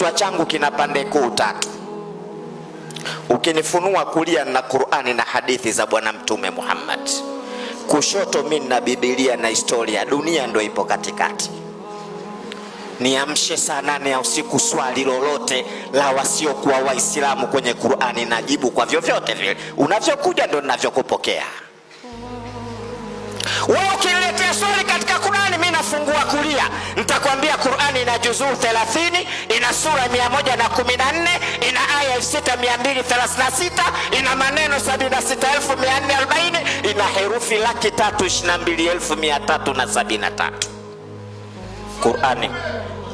kichwa changu kina pande kuu tatu. Ukinifunua kulia na Qur'ani na hadithi za Bwana Mtume Muhammad, kushoto mimi na Biblia na historia, dunia ndio ipo katikati. Niamshe saa nane ya usiku, swali lolote la wasiokuwa Waislamu kwenye Qur'ani najibu kwa vyovyote vile. Unavyokuja ndio ninavyokupokea wewe. Ukiniletea swali katika Qur'ani, mimi nafungua kulia, nitakwambia Qurani ina juzuu 30, ina sura 114, ina aya 6236, ina maneno 76440, ina herufi laki tatu ishirini na mbili elfu mia tatu na sabini na tatu. Qurani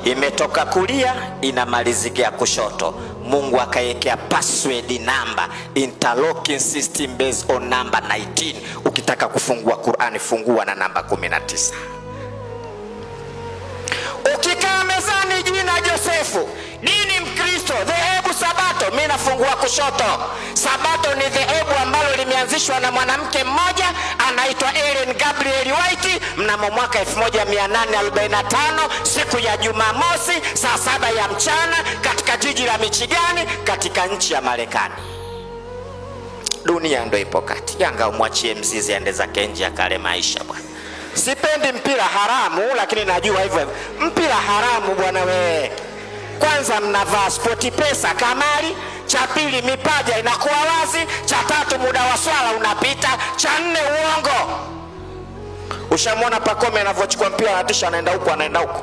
imetoka kulia inamalizikia kushoto. Mungu akaekea password namba, interlocking system based on number 19. Ukitaka kufungua Qurani fungua na namba 19. Ukika mgongo wa kushoto. Sabato ni dhehebu ambalo limeanzishwa na mwanamke mmoja anaitwa Ellen Gabriel White mnamo mwaka 1845 siku ya Jumamosi saa saba ya mchana katika jiji la Michigani katika nchi ya Marekani. Dunia ndo ipo kati. Yanga umwachie mzizi ende zake nje akale maisha bwana. Sipendi mpira haramu, lakini najua hivyo mpira haramu bwana wewe kwanza mnavaa spoti pesa kamari, cha pili mipaja inakuwa wazi, cha tatu muda wa swala unapita, cha nne uongo. Ushamwona Pakome anavyochukua mpira anatisha, anaenda huku anaenda huku.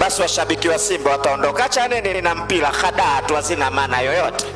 Basi washabiki wa Simba wataondoka, cha nne lina mpira, hadaa tu hazina maana yoyote.